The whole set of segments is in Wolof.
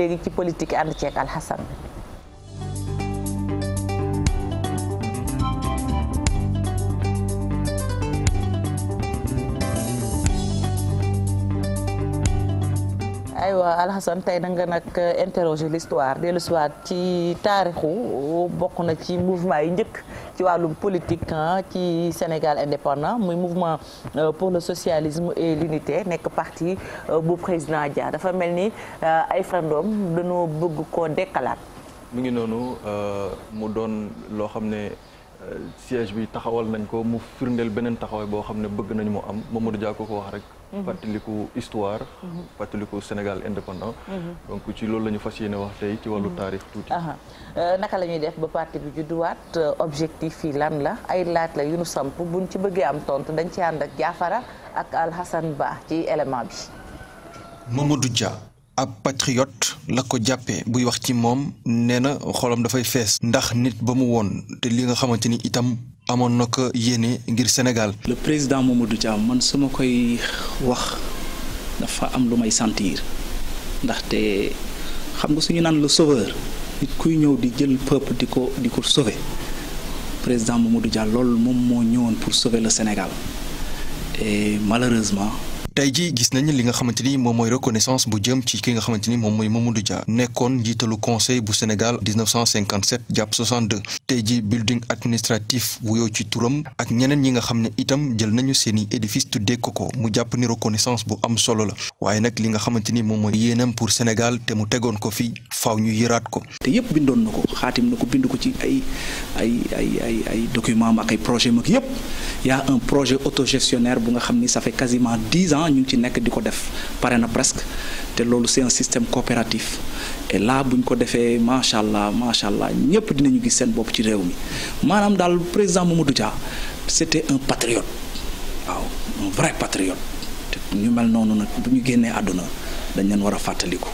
léegi ci politique ànd ceeg Alxasan aywa Alhassane tey da nga nag euh, interroger l'histoire dès le soir ci taarixu bokk na ci mouvement yi njëkk ci wàllum politique ci Sénégal indépendant muy mouvement euh, pour le socialisme et l'unité nekk parti euh, bu président Dia dafa mel ni ay fandoom dañoo bëgg koo dekkalaat. mi ngi noonu mu doon loo xam ne. Euh, siège bi taxawal nañ ko mu firndeel beneen taxawaay boo xam ne bëgg nañ mu am Mamadou Dia ko ko wax rek. Mhm. fàttaliku histoire. Mhm. fàttaliku Sénégal indépendant. Mhm. donc ci loolu la ñu fas yéene wax tey ci wàllu taarix tuuti. Euh, naka lañuy def ba parti bi judduwaat euh, objectif yi lan la ay laaj la yu nu samp buñ ci bëggee am tontu dañ ci ànd ak Jaafara ak Alhassane Ba ci élément bi. Mamadou Dia. ab patriote la ko jàppee buy wax ci moom nee na xolam dafay fees ndax nit ba mu woon te li nga xamante ni itam amoon na ko yéene ngir Sénégal. le président Mamadou Thiam man suma koy wax dafa am lu may sentir ndaxte xam nga suñu naan le sauveur nit kuy ñëw di jël peuple di ko di ko sauver président Mamadou Dia loolu moom moo ñëwoon pour sauver le Sénégal et malheureusement. tey ji gis nañu li nga xamante ni moom mooy reconnaissance bu jëm ci ki nga xamante ni moom mooy Mamadou Dia nekkoon njiitalu conseil bu Sénégal 1957 jàpp 62 tey ji building administratif bu yow ci turam ak ñeneen ñi nga xam ne itam jël nañu seen i édifice tuddee ko ko mu jàpp ni reconnaissance bu am solo la waaye nag li nga xamante ni moom mooy yéenam pour Sénégal te mu tegoon ko fi faaw ñu yëraat ko. te yëpp bindoon na ko xaatim na ko bind ko ci ay ay ay ay ay documents am mag yëpp a un projet autogestionnaire bu nga xam an ñu ngi ci nekk di ko def pare na presque te loolu c'est un système coopératif et là bu ko defee macha allah macha allah ñëpp dinañu gis seen bopp ci réew mi maanaam daal président Mamadou Dia c'était un patriote waaw un vrai patriote te ñu mel noonu nag bu ñu génnee àdduna. dañ leen war a fàttaliku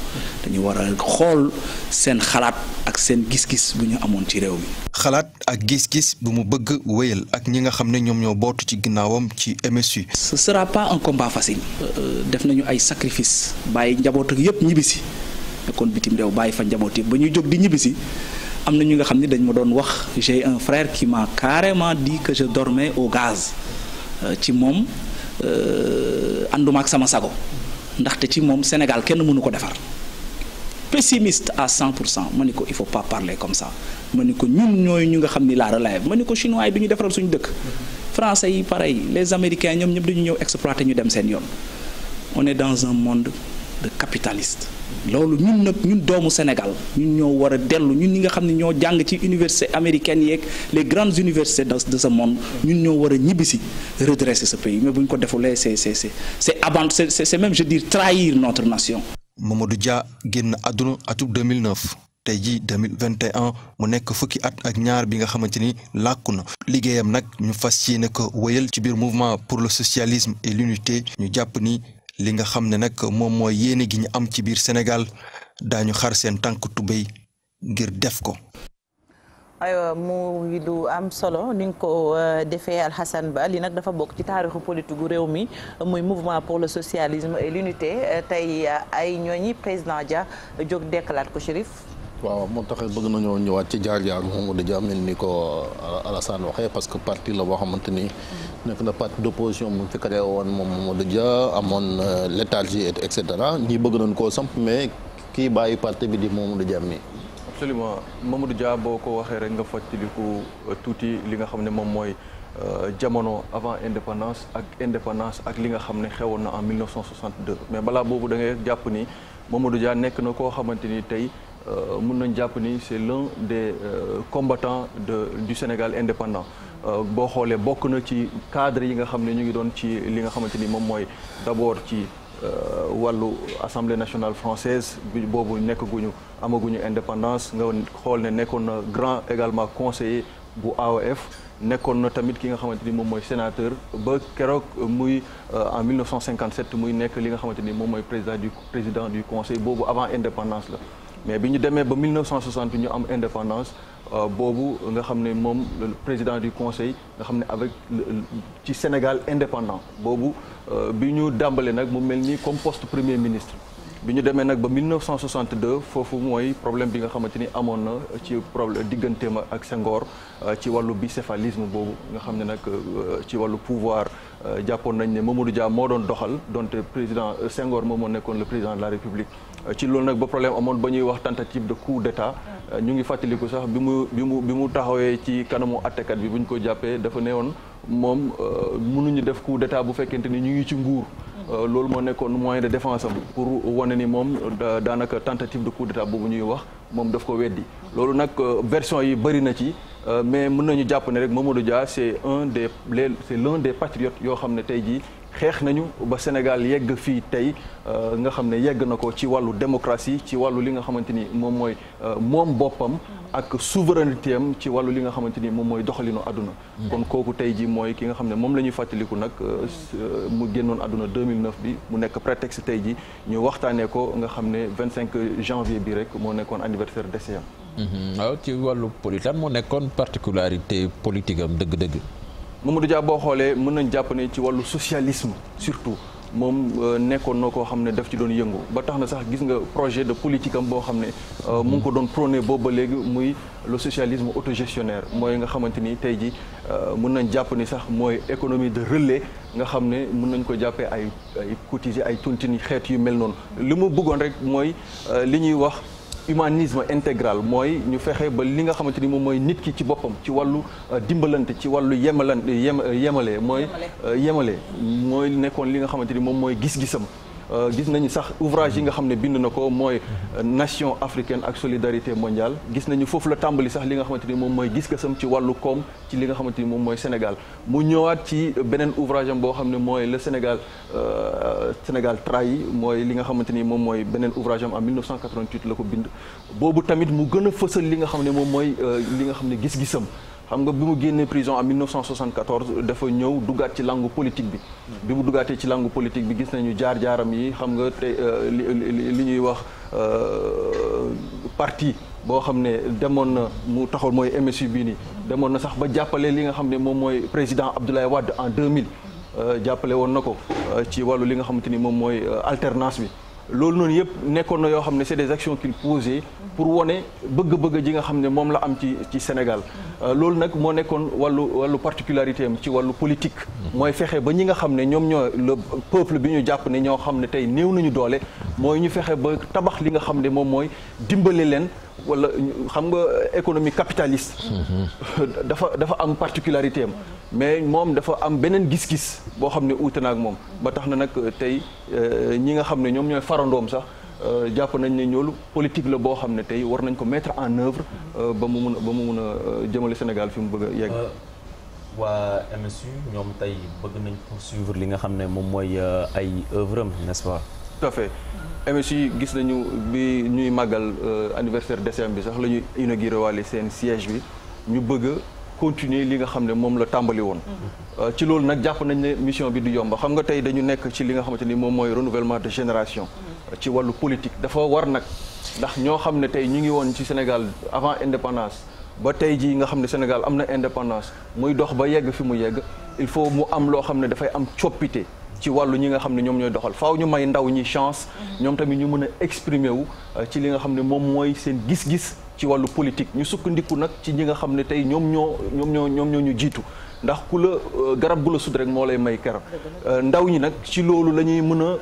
dañu war a xool seen xalaat ak seen gis-gis bu ñu amoon ci réew mi. xalaat ak gis-gis bu mu bëgg wéyal ak ñi nga xam ne ñoom ñoo bootu ci ginnaawam ci MSU. ce sera pas un combat facile. Euh, euh, def nañu ay sacrifice bàyyi njaboot ak yëpp ñibbisi kon bitim réew bàyyi fa njaboot yi ba ñu jóg di ñibbisi. am na ñu nga xam ne dañ ma doon wax j'ai un frère qui m'a carrément dit que je dormais au gaz euh, ci moom ànduma ak sama sago ndaxte ci moom Sénégal kenn mënu ko defar pessimiste à 100 pour cent ma ni ko il faut pas parler comme ça ma ni ko ñun ñooy ñu nga xam ni la relève ma ni ko chinois yi du ñu defaral suñu dëkk français yi pareil les américains ñoom ñëpp dañu ñëw exploiter ñu dem seen yoon on est dans un monde de capitaliste loolu ñun nag ñun doomu Sénégal ñun ñoo war a dellu ñun ñi nga xam ne ñoo jàng ci université américaine yeeg les grandes universités de sa monde ñun ñoo war a ñibbisi redresser ce pays mais bu ñu ko defulee c'est c'est c'est abandon c'est même je veux dire trahir notre nation. Mamadou Dia génn àdduna atub tey jii 2021 mu nekk fukki at ak ñaar bi nga xamante ni làkku na liggéeyam nag ñu fas yéene ko wéyal ci biir mouvement pour le socialisme et l'unité ñu jàpp ni. li nga xam ne nag moom mooy yéene gi ñu am ci biir Sénégal daañu xar seen tànk tubéy ngir def ko. aywa mu lu am solo ni nga ko euh, defee Alhassane Ba li nag dafa bokk ci taarixu politique gu réew mi muy mouvement pour le socialisme et l'unité euh, tey euh, ay ñooñi président Dia jóg dekkalaat ko Chérif. waaw moo tax bëgg nañoo ñëwaat ci jaar-jaar Mouhamadou Dia mel ni ko Alassane waxee parce que parti la boo xamante ni nekk na parti d'opposition mu fi créé woon moom Mouhamadou Dia amoon euh, léthargie et cetera ñii bëgg nañ koo samp mais kii bàyyi parti bi di Mouhamadou Dia mi. absolument Mamadou Dia boo ko waxee rek nga fàttaliku euh, tuuti li nga xam ne moom mooy euh, jamono avant indépendance ak indépendance ak li nga xam ne xewoon na en 1962 mais bala boobu da ngay jàpp ni Mamadou Dia nekk na koo xamante ni tey. Euh, mun nañ jàpp ni c'est l'un des euh, combattants de du Sénégal indépendant euh, boo xoolee bokk na ci cadre yi nga xam ne ñu ngi doon ci li nga xamante ni moom mooy d'abord ci wàllu assemblée nationale française bi boobu nekkaguñu amaguñu indépendance nga xool ne nekkoon na grand également conseiller bu AOF nekkoon na tamit ki nga xamante ni moom mooy sénateur ba keroog muy en 1957 muy nekk li nga xamante ni moom mooy président du président du conseil boobu avant indépendance la mais bi ñu demee ba 1960 ñu am indépendance euh, boobu nga xam ne moom le président du conseil nga xam ne avec ci Sénégal indépendant boobu euh, bi ñu dàmbale nag mu mel nii comme poste premier ministre. bi ñu demee nag ba 1962 foofu mooy problème bi nga xamante ni amoon na ci problème digganteem ak Senghor euh, ci wàllu bicéphalisme boobu nga xam ne nag ci wàllu pouvoir jàppoon nañ ne Mamadou Dia moo doon doxal donte président Senghor moom oo nekkoon le président de la République. ci loolu nag ba problème amoon ba ñuy wax tentative de coup d'état ñu ngi fàttaliku sax bi mu bi mu bi mu taxawee ci kanamu attekat bi bu ñu ko jàppee dafa ne woon moom euh, munuñu def coup d'état bu fekkente ni ñu ngi ci nguur euh, loolu moo nekkoon moyen de défense am pour wane ni moom daanaka tentative de coup d'état boobu ñuy wax moom daf ko weddi loolu nag euh, version yi bëri na ci mais mën nañu jàpp ne rek ma Mamadou Dia c'est un des les c'est des patriotes yoo xam ne tey jii xeex nañu ba Sénégal yegg fii tey euh, nga xam ne yegg na ko ci wàllu démocratie ci wàllu li nga xamante ni moom mooy euh, moom boppam ak souveraineté am ci wàllu li ni moom mooy doxalinu àdduna kon kooku tey ji mooy ki nga xam ne moom la ñuy fàttaliku nag euh, mu génnoon àdduna 2009 bi mu nekk prétexte tey ji ñu waxtaanee ko nga xam ne 25 janvier bi rek moo nekkoon anniversaire décès am mhm. waaw ci wàllu politique moo nekkoon particularité politique am dëgg-dëgg Mamadou Dia boo xoolee mën nañ jàpp ne ci wàllu socialisme surtout moom euh, nekkoon na koo xam ne daf ci doon yëngu ba tax na sax gis nga projet de politique am boo xam ne euh, mu ngi ko doon prôné boobu ba léegi muy le socialisme autogestionnaire mooy nga xamante ni tey ji euh, mën nañ jàpp ni sax mooy économie de relais nga xam ne mën nañ ko jàppee ay ay cotiser ay tontini xeet yu mel noonu li mu bëggoon rek mooy li ñuy wax humanisme intégral mooy ñu fexe ba li nga xamante ni moom mooy nit ki ci boppam ci wàllu euh, dimbalante ci wàllu yemalante yem yemale mooy euh, yemale mooy nekkoon li nga xamante ni moom mooy gis-gisam Euh, gis nañu sax ouvrage yi nga xam ne bind na ko mooy euh, nation africaine ak solidarité mondiale gis nañu foofu la tàmbali sax li nga xamante ni moom mooy gis-gisam ci wàllu koom ci li nga xamante ni moom mooy Sénégal ñëwaat ci beneen ouvrage am boo xam ne mooy le Sénégal euh, Sénégal trahi mooy li nga xamante ni moom mooy beneen ouvrage am en 1988 la ko bind boobu tamit mu gën a fësal li nga xam ne moom mooy li nga xam ne gis-gisam xam nga bi mu génnee prison en 1974 dafa ñëw dugaat ci langue politique bi. bi mu dugaatee ci langue politique bi gis nañu jaar jaaram yi xam nga te euh, li ñuy wax euh, parti boo xam ne demoon na mu taxoon mooy MSU bii nii. demoon na sax ba jàppale li nga xam ne moom mooy président Abdoulaye Wade en 2000. Euh, jàppale woon na ko ci wàllu li nga xamante ni moom mooy alternance bi. loolu noonu yëpp nekkoon na yoo xam ne c'est des actions qu'il posait pour wane bëgg-bëgg ji nga xam ne moom la am ci ci Sénégal euh, loolu nag moo nekkoon wallu wàllu particularité am ci wàllu politique mooy fexe ba ñi nga xam ne ñoom ñoo le peuple bi ñu jàpp ne ñoo xam ne tey néew nañu doole mooy ñu fexe ba tabax li nga xam ne moom mooy dimbale leen wala xam nga économie capitaliste. Mm-hmm. dafa dafa am particularité am mais moom dafa am beneen gis-gis boo xam ne uute na ak moom ba tax na nag tey euh, ñi nga xam ne ñoom ñooy farandoom sax. Euh, jàpp nañ ne ñoolu politique la boo xam ne tey war nañ ko mettre en œuvre euh, ba mu mun a ba mu mun a jëmale Sénégal fi mu bëgg a yegg. waa MSU ñoom tey bëgg nañ poursuivre li nga xam ne moom mooy ay œuvre am nest te à fait MSU gis nañu bi ñuy màggal euh, anniversaire décembre bi sax la ñuy inauguré waale seen siège bi ñu bëgg continuer li nga xam ne moom la tàmbali woon mmh. euh, ci loolu nag jàpp nañ ne mission bi du yomb xam nga tey dañu nekk ci li nga xamante ni moom mooy renouvellement de génération mmh. ci wàllu politique dafa war nag ndax ñoo xam ne tey ñu ngi woon ci Sénégal avant indépendance ba tey jii nga xam ne Sénégal am na indépendance muy dox ba yegg fi mu yegg il faut mu am loo xam ne dafay am coppite ci wàllu ñi nga xam ne ñoom ñooy doxal faaw ñu may ndaw ñi chance mm-hmm. ñoom tamit ñu mën a exprimer wu euh, ci li nga xam ne moom mooy seen gis-gis ci wàllu politique ñu sukkandiku nag ci ñi nga xam ne tey ñoom ñoo ñoom ñoo ñoom ñoo ñu jiitu ndax ku la euh, garab gu la sut rek moo lay may keram euh, ndaw ñi nag ci loolu la ñuy mën a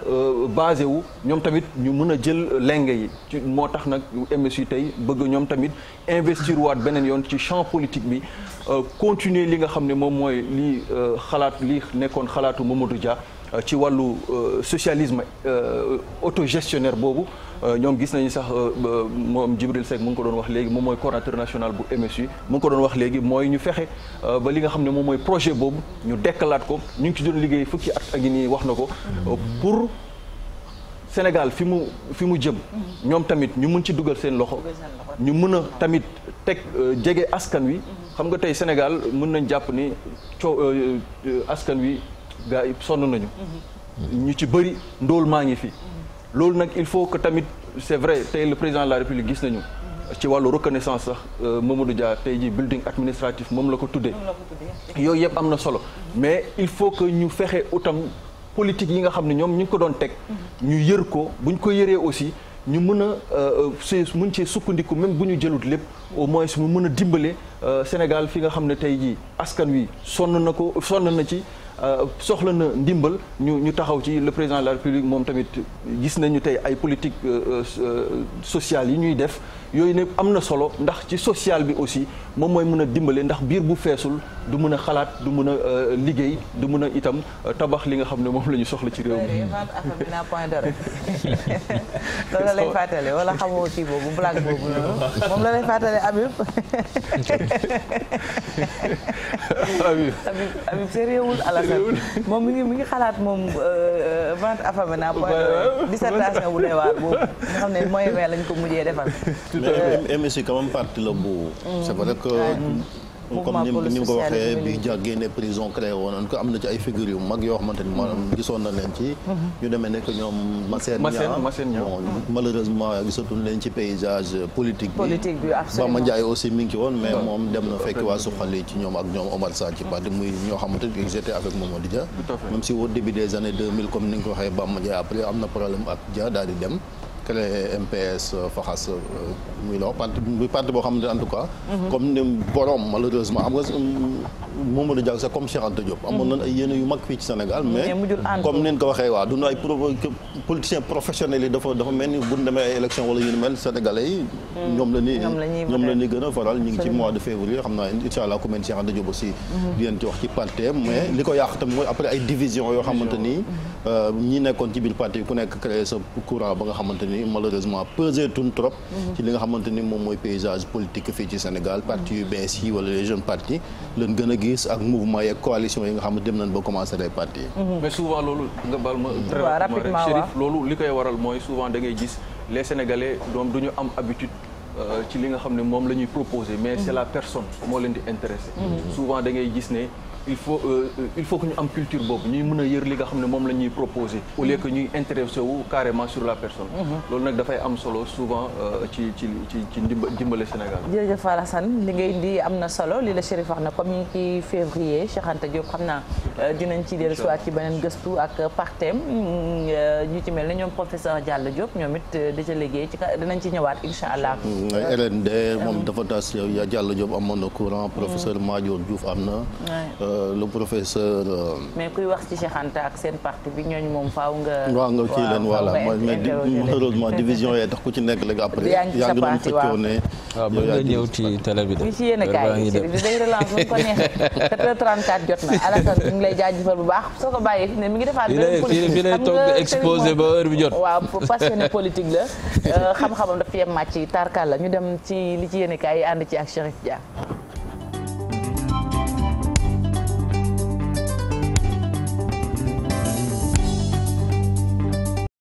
basé wu ñoom tamit ñu mën a jël lenge yi ci moo tax nag MSU tey bëgg ñoom tamit investir waat beneen yoon ci champ politique bi continuer li nga xam ne moom mooy li xalaat li nekkoon xalaatu Mamadou Dia Euh, ci wàllu euh, socialisme euh, autogestionnaire boobu ñoom gis nañu sax moom Djibril Seck mu ngi ko doon wax léegi moom mooy coordinateur national bu MSU mu ngi ko doon wax léegi mooy ñu fexe ba li nga xam ne moom mooy projet boobu ñu dekkalaat ko ñu ngi ci doon liggéey fukki at ak nii wax na ko pour Sénégal fi mu fi mu jëm ñoom tamit ñu mën ci dugal seen loxo ñu mën a tamit teg jege askan wi xam nga tey Sénégal mën nañ jàpp ni coow askan wi gaa yi sonn nañu. ñu ci bëri ndool maa ngi fi. loolu nag il faut que tamit c'est vrai tey le président la république gis nañu. ci wàllu reconnaissance sax euh, Mamadou Dia tey jii building administratif moom la ko tuddee. yooyu yëpp am na solo. Mhm. mais il faut que ñu fexe utam politique yi nga xam ne ñoom ñu ngi ko doon teg. Mhm. ñu yër ko bu ñu ko yëree aussi ñu mën a su mën cee sukkandiku même bu ñu jëlut lépp. au moins mu mën a dimbale euh, Sénégal fi nga xam ne tey jii askan wi sonn na ko sonn na ci. Euh, soxla na ndimbal ñu ñu taxaw ci le président de la république moom tamit gis nañu tey ay politique euh, euh, sociale yi ñuy def yooyu ne am na solo ndax ci social bi aussi moom mooy mën a dimbale ndax biir bu feesul du mën a xalaat du mën a liggéey du mën a itam tabax li nga xam ne moom la ñu soxla ci réew mi. point dara lay fàttali wala xamoo kii boobu blague boobu noonu moom la lay fàttali Habib. Habib Habib réewul alal moom mi ngi mi ngi xalaat moom vente affamé naa point dissertation bu doy waar boobu nga xam ne mooy lañ ko mujjee defal. mais MSI quand même parti la bu. Mm. c'est vrai que. comme ni mu ko waxee bi Dia génne prison créé woon ko am na ci ay figures yu mag yoo xamante ni maanaam gisoon na leen ci. ñu mhm. demee nekk ñoom. Massène Niang bon mhm. malheureusement gisatuñ leen ci paysage politique bi. politique bi absolument Bama Ndiaye aussi mi ngi ci woon mais moom dem na fekk waa Suxali ci ñoom ak ñoom Omar Sarr ci parti muy ñoo xamante ni ils étaient avec Mamadou Dia. même si au début des années 2000 comme ni nga ko waxee Bama Ndiaye après am na problème ak créé MPS euh, Faxas euh, muy non parti muy parti boo xam ne en tout cas. Mhm. comme ni borom malheureusement am nga euh, Mamadou Diaw sax comme Cheikh Anta Diop. amoon nañ ay yéene mhm. comme ni ko waxee waa du ay pro politiciens yi dafa dafa mel ni bu ñu ay élections wala yu mel sénégalais mhm. ñoom la ñuy ñoom la a faral ñu ci mois de février xam naa incha allah ku mel ni Cheikh Anta li ko yàq tam mooy après ay division yoo xamante ñi nekkoon ci biir parti ku nekk créé sa courant ba nga xamante ni malheureusement pesé tun trop ci li nga xamante ni moom mooy paysage politique fii ci Sénégal parti yu bees wala les jeunes partis leen gën a gis ak mouvement yeeg coalition yi nga xam ne dem nañ ba commencé les partis mm-hmm. mais souvent loolu nga baal ma mm-hmm. très rapidement rek souvent da gis les Sénégalais du ñu am habitude euh, ci li nga xam ne moom la proposé mais mm-hmm. c'est la personne moo leen di intéressé souvent da gis ne il faut euh, euh, il faut ñu am culture boobu ñuy mun a yër li nga xam ne moom la ñuy proposé au lieu ñuy intéressé wu carrément sur la personne mm-hmm. loolu nag dafay am solo souvent euh, ci ci ci ci ndimbale Sénégal jërëjëf Alassane li nga indi am na solo li la Chérif wax na comme ñu ngi ci février Cheikh Anta Diop xam naa dinañ ci dellu ak ci beneen gëstu ak partem mm, ñu ci mel ne ñoom professeur Diallo Diop ñoom it déjà liggéey ci dinañ ci ñëwaat incha allah RND mm, moom dafa tas yow Diallo Diop amoon na courant professeur mm. Madior Diouf am na le professeur. Euh, mais kuy wax ci Cheikh Anta ak seen parti bi ñooñu moom faw nga. waaw nga kii leen voilà mais malheureusement division yee tax ku ci nekk léegi après. yaa ngi ah, sa parti ngi ci télé bi de. ci yéen a kaay yi di day relance bu ko neexee 7h34 jot na Alassane ñu ngi lay jaajëfal bu baax soo ko bàyyee fi mi ngi defaat. benn politique bi lay toog exposé ba heure bi jot. waaw passionné politique la euh, xam-xamam dafa yem màcc tarkal la ñu dem ci li ci yéen a kaay yi ci ak Chérif Dia.